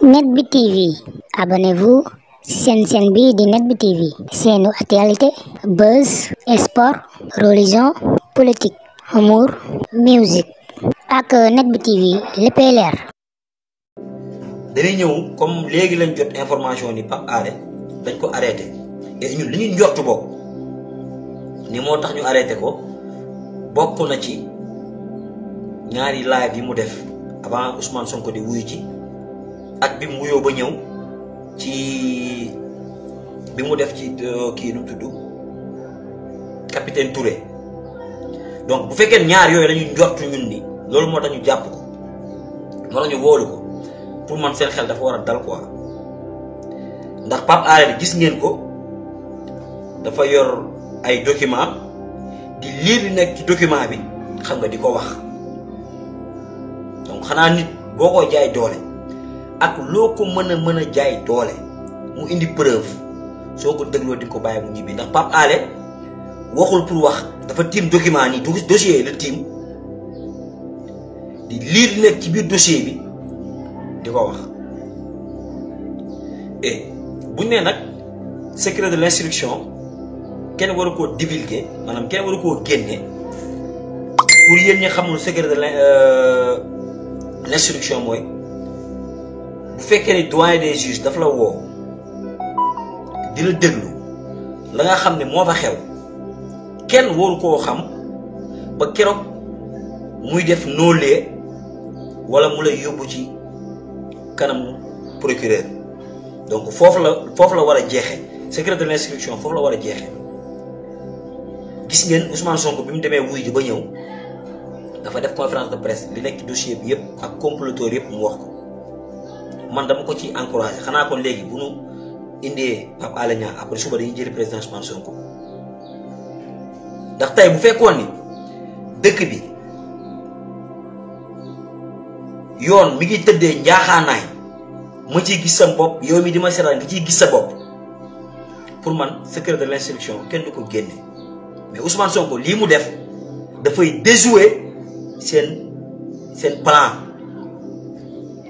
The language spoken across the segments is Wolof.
net bi tv abonnez-vous seen seen bi di net bi tv seenu actualité buzz sport religion politique humour musique ak net bi tv léppay leer dañuy ñëw comme léegi lañ jot information ni Pape Alé dañ ko arrêté et ñun li ñu bokk ni moo tax ñu arrêté ko bokk na ci ñaari live yi mu def avant Ousmane Sonko di wuyu ci ak bi mu wuyoo ba ñëw ci bi mu def ci euh, kii nu capitaine Touré donc bu fekkee ñaar yooyu dañuy njortu ñun ni loolu moo tax ñu jàpp ko moo tax ñu wóolu ko pour man seen xel dafa war a dal quoi ndax Pape Alé gis ngeen ko dafa yor ay document di lire li nekk ci document bi xam nga di ko wax donc xanaa nit boo ko jaay doole ak loo ko mën a mën a jaay doole mu indi preuve soo ko dégloo di nga ko bàyyi mu ñibbi ndax Pape Alé waxul pour wax dafa tiim document nii dossier la tiim di lire nekk ci biir dossier bi di ko wax et buñ nee nag secret de l'instruction kenn waru koo divulguer maanaam kenn waru koo génne pour yéen xamul secret de euh, l'instruction mooy bu fekkee ni doyen des juges dafa la woo dina déglu la nga xam ne moo fa xew kenn waru koo xam ba keroog muy def noolee wala mu lay yóbbu ci kanam procureur donc foofu la foofu la war a jeexee secret de l'instruction foofu la war a jeexee gis ngeen Ousmane Sonko bi mu demee wuy ji ba ñëw dafa def conférence de presse li nekk ci dossier yëpp ak comploteur yëpp mu wax ko man dama ko ci encouragé xanaa kon léegi bu nu indee Pape Alé Niang après suba dañuy jëli président Ousmane Sonko ndax bu fekkoon ni dëkk bi yoon mi ngi tëddee njaaxaanaay ma ciy gis sa bopp yow mi di ma seetaan nga ciy gis bopp pour man secret de kenn du ko génne mais Ousmane Sonko lii mu def dafay déjouer seen seen plan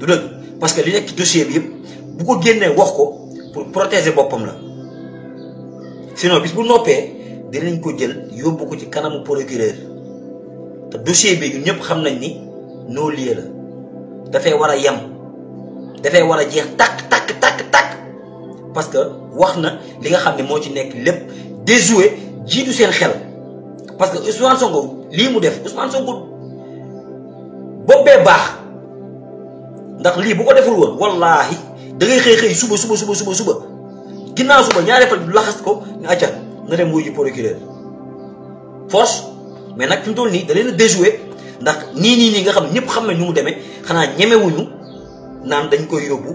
du dëgg parce que li nekk ci dossier bi yëpp bu ko génnee wax ko pour protéger boppam la sinon bis bu noppee dinañ ko jël yóbbu ko ci kanamu procureur te dossier bi ñun ñëpp xam nañ ni non lieu la dafay war a yem dafay war a jeex tàkk tàkk tàkk tàkk parce que wax na li nga xam ne moo ci nekk lépp déjoué jiitu seen xel parce que Ousmane Sonko lii mu def Ousmane Sonko baax. ndax lii bu ko deful woon wallaahi da ngay xëy xëy suba suba suba suba suba ginnaaw suba ñaaree fan laxas ko ñu acca na dem wuyu ji procureur force mais nag fi mu toll nii da leen a ndax nii nii nii nga xam ñëpp xam na ñu mu demee xanaa ñemewuñu naan dañ koy yóbbu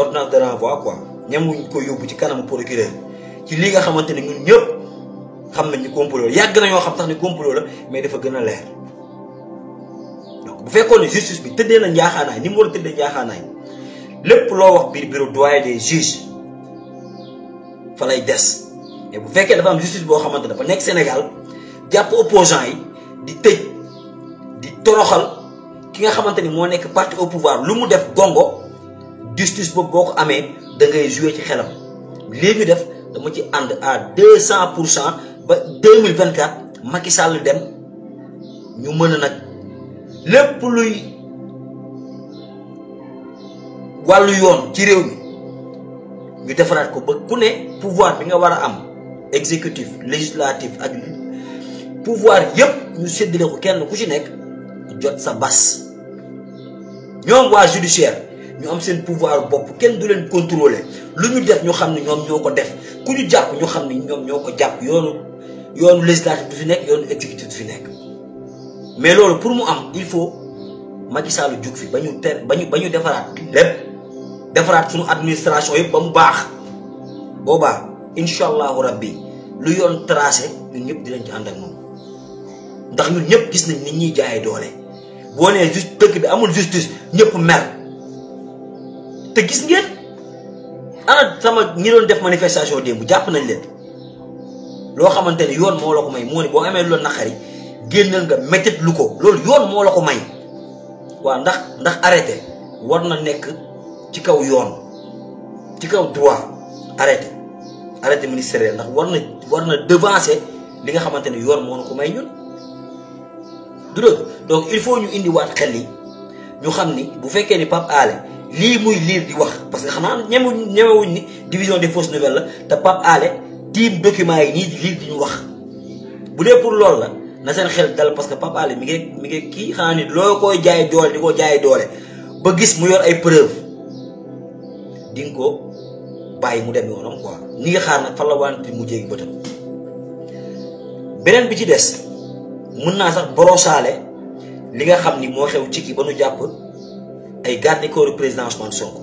ordonnance de renvoi quoi ñemewuñ koy yóbbu ci kanamu procureur ci lii nga xamante ni ñun ñëpp xam nañ ni complot la yàgg nañoo xam sax ni complot la mais dafa gën a leer. bu fekkoon ne justice bi tëddee na njaaxaanaay ni mu war a tëddee njaaxaanaay lépp loo wax biir bureau doyen des juges fa lay des mais bu fekkee dafa am justice boo xamante ne dafa nekk Sénégal jàpp opposant yi di tëj di toroxal ki nga xamante ni moo nekk parti au pouvoir lu mu def gongo justice boobu boo ko amee da ngay jouer ci xelam lii ñu def dama ci ànd à deux cent pour cent ba deux mille vingt quatre Macky Sall dem ñu mën a nag lépp luy wàllu yoon ci réew mi ñu defaraat ko ba ku ne pouvoir bi nga war a am exécutif législatif ak pouvoir yépp ñu séddale ko kenn ku ci nekk jot sa bas ñoom waa judiciaire ñu am seen pouvoir bopp kenn du leen contrôler lu ñu def ñu xam ne ñoom ñoo ko def ku ñu jàpp ñu xam ne ñoom ñoo ko jàpp yoonu yoonu législatif du fi nekk yoonu exécutif du fi nekk mais loolu pour mu am il faut Macky Sall jug fi ba ñu ter ba ñu ba ñu defaraat lépp defaraat suñu administration yëpp ba mu baax boobaa incha allahu rabbi lu yoon tracé ñun ñëpp dinañ ci ànd ak moom ndax ñun ñëpp gis nañ nit ñuy jaayee doole boo nee juste dëkk bi amul justice ñëpp mer te gis ngeen ana sama ñi doon def manifestation démb jàpp nañ leen loo xamante ni yoon moo la ko may moo ne boo amee loolu naqari génnal nga métit lu ko loolu yoon moo la ko may waaw ndax ndax arrêté war na nekk ci kaw yoon ci kaw droit arrêté arrêté ministériel ndax war na war na devancer li nga xamante ne yoon moo na ko may ñun du dëgg donc il faut ñu indiwaat xel yi ñu xam ni bu fekkee ni Pape Alé lii muy liir di wax parce que xam naa ñeme ñemewuñ ni division des fausses nouvelles la te Pape Alé tiim documents yi nii liir di ñu wax bu dee pour loolu la na seen xel dal parce que Pape Alé mi ngi mi ngi kii xanaa ni loo koy jaay doole di ko jaay doole ba gis mu yor ay preuve di ko bàyyi mu dem yoonam quoi ni nga xaar nag fan la mu jéegi bëtam beneen bi ci des mën naa sax borosaale li nga xam ni moo xew ci ki ba nu jàpp ay garde corps président Ousmane Sonko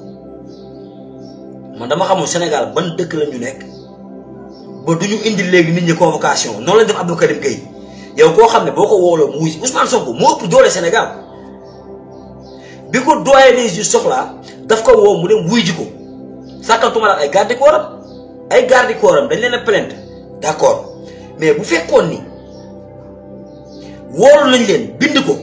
man dama xamul Sénégal ban dëkk la ñu nekk ba du ñu indi léegi nit ñi convocation noonu lañ def Abdou Karim Gueye yow koo xam ne boo ko wooloo mu wuyu Ousmane ko mu ëpp doole senegal bi ko doyee des yu soxlaa daf ko woo mu dem wuy ji ko sàkkantuma la ay garde corps ay garde corps dañ leen a plainte d'accord mais bu fekkoon ni woolu nañ leen bind ko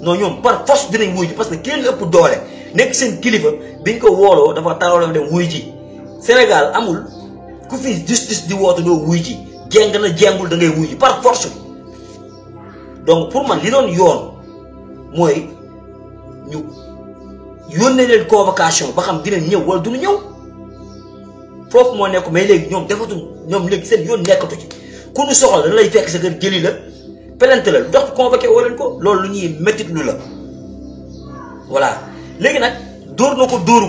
non ñoom par force dinañ wuy ji parce que kenn ëpp doole nekk seen kilifa biñ ko wooloo dafa taaloo dem wuy ji Sénégal amul ku fi justice di woote doo wuy ji jeng na jengul da ngay wuy ji par donc pour man li doon yoon mooy ñu yónnee leen convocation ba xam dinañ ñëw wala duñu ñëw foofu moo nekk mais léegi ñoom defatul ñoom léegi seen yoon nekkatu ci ku ñu soxla da lay fekk sa kër jëli la pelante la lu tax convoqué woo ko loolu lu ñuy méttit lu la voilà léegi nag dóor na ko dóoru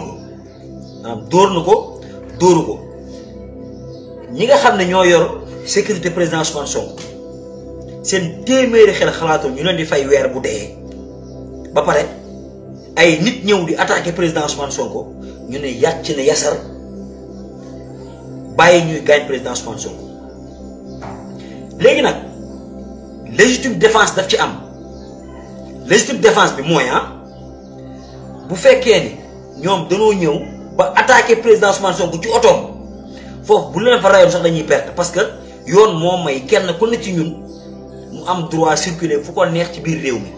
ko dóor na ko dóoru ko ñi nga xam ne ñoo yor sécurité président Ousmane Sonko seen téeméeri xel xalaatoon ñu leen di fay weer bu dee ba pare ay nit ñëw di attaqué président Ousmane Sonko ñu ne yàcc na yasar bàyyi ñuy gaañ président Ousmane Sonko léegi nag légitime défense daf ci am légitime défense bi mooy ah bu fekkee ni ñoom danoo ñëw ba attaqué président Ousmane Sonko ci otoom foofu bu leen fa rayoon sax dañuy perte parce que yoon moom may kenn ku ne ci ñun. am droit circuler fu ko neex ci biir réew mi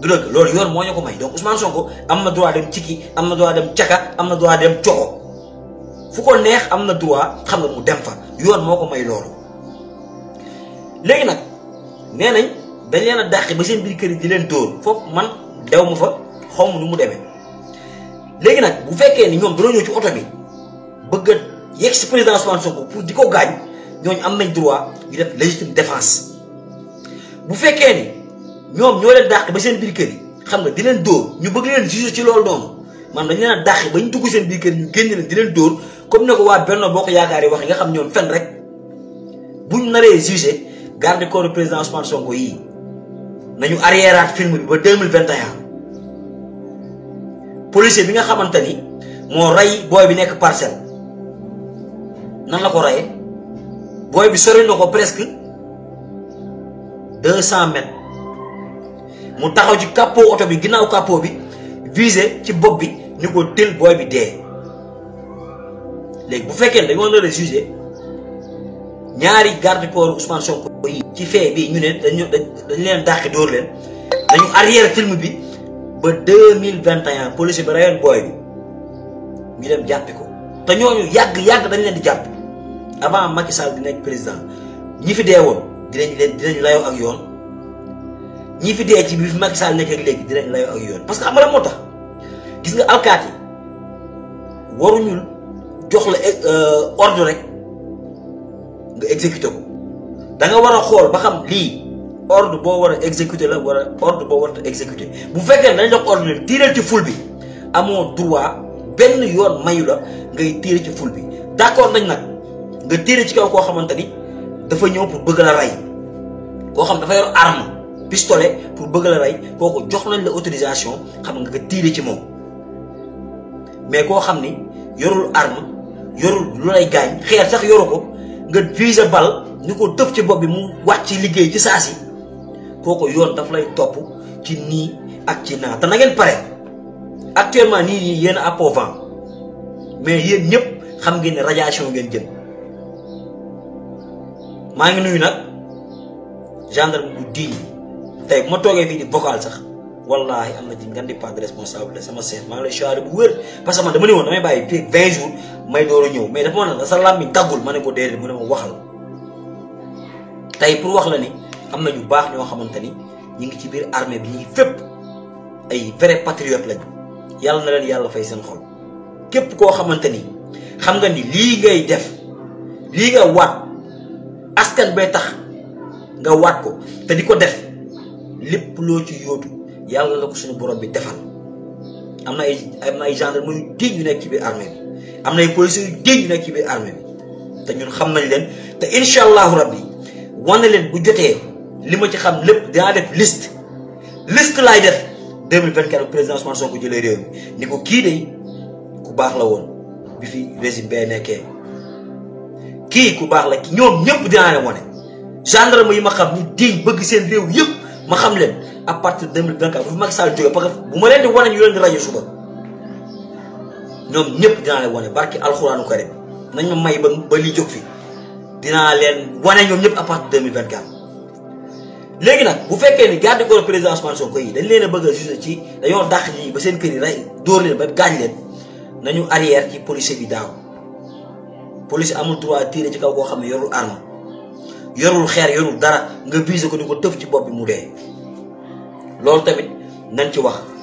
du dëgg loolu yoon moo ñu ko may donc Ousmane Sonko am na droit dem Cikki am na droit dem Caka am na droit dem Coxo fu ko neex am na droit xam nga mu dem fa yoon moo ko may loolu. léegi nag nee nañ dañ leen a dàqe ba seen biir kër yi di leen dóor foofu man dew ma fa xaw ma nu mu demee léegi nag bu fekkee ni ñoom dañoo ñoo ci oto bi bëgg a yegg si président Ousmane pour di ko gaañ. ñooñu am nañ droit ñu def légitime défense bu fekkee ni ñoom ñoo leen dàq ba seen biir kër yi xam nga di leen dóor ñu bëgg leen juger ci loolu noonu man dañu leen a dàq ba ñu dugg seen biir ñu génn leen di leen dóor comme ne ko waa Benno Bokk Yaakaar yi wax nga xam ñoom fen rek buñ naree juger garde corps président Ousmane Sonko yii nañu arriéraat film bi ba deux mille vingt et un bi nga xamante ni moo rey booy bi nekk parcelle nan la ko reyee. booy bi sori na ko presque deux cent mètres mu taxaw ci capot oto bi ginnaaw capot bi visé ci bopp bi ni ko tël booy bi dee léegi bu fekkee dañu war a ñaari garde corps Ousmane Sonko yi ci fee bi ñu ne dañu dañu leen dàqi dóor leen dañu arrière film bi ba deux mille vingt et un police bi rayoon booy bi ñu dem jàppi ko te ñooñu yàgg yàgg dañ leen di jàpp avant Macky Sall di nekk président ñi fi dee woon dinañ layoo ak yoon ñi fi dee ci bi fi Macky Sall nekk ak léegi dinañ layoo ak yoon parce que xam nga moo tax gis nga alkaati waruñu jox la euh, ordre rek nga exécuté ko da war a xool ba xam lii ordre boo war a exécuté la war a ordre boo war a exécuté bu fekkee dañ jox ordre leen tiiral ci ful bi amoo droit benn yoon mayu la ngay tiire ci ful bi d'accord nañ nag nga téere ci kaw koo xamante ni dafa ñëw pour bëgg la rey koo xam dafa yor arme pistolet pour bëgg la rey kooku jox nañ la autorisation xam nga nga téere ci moom mais koo xam ni yorul arme yorul lu lay gaañ xeer sax yoru ko nga viser bal ni ko tëf ci bopp bi mu wax ci liggéey ci saa si kooku yoon daf lay topp ci nii ak ci naa te pare actuellement nii nii yéen à mais yéen ñëpp xam ngeen ne radiation ngeen jën maa ngi nuyu nag gendarme bu diin tey bu ma toogee fii di vocal sax wallahi am na ci ngandi part de sama seet maa ngi lay charré bu wér parce que man dama ne woon damay bàyyi fii 20 jours may door a ñëw mais dafa ma ne sa làmmiñ tàggul ma ne ko déedéet mu ne ma waxal tey pour wax la ni am na ñu baax ñoo xamante ni ñu ngi ci biir armée bi ñuy fépp ay vrai patriote lañu yàlla na leen yàlla fay seen xol képp koo xamante ni xam nga ni lii ngay askan bee tax nga waat ko te di ko def lépp loo ci yóotu yàlla la ko suñu borom bi defal am na ay am na ay gendarme yu déeg yu nekk ci biir armée bi am na ay policiers yu déeg yu nekk ci biir armée bi te ñun xam nañ leen te incha allahu rabbi wane leen bu jotee li ma ci xam lépp dinaa def liste liste laay def 2024 président Ousmane ko jëlee réew mi ni ko kii de ku baax la woon bi fi régime bee nekkee kii ku baax la ki ñoom ñëpp dinaa leen wane ma yi ma xam ñu diñ bëgg seen réew yëpp ma xam leen à partir de 2024 bu mag Macky Sall bu ma leen di wane ñu leen di rajo suba ñoom ñëpp dinaa leen wane barki alxuraanu karim nañ ma may ba ba li jóg fi dinaa leen wane ñoom ñëpp à partir de 2024. léegi nag bu fekkee ni garde corps président Ousmane Sonko yi dañ leen a bëgg a jugé ci dañoo dàq ñi ba seen kër yi dóor leen ba gaañ leen nañu arrière ci policier bi daaw. police amul droit tirer ci kaw koo xam ne yorul arme yorul xeer yorul dara nga viser ko ni ko tëf ci bopp bi mu dee loolu tamit nañ ci wax.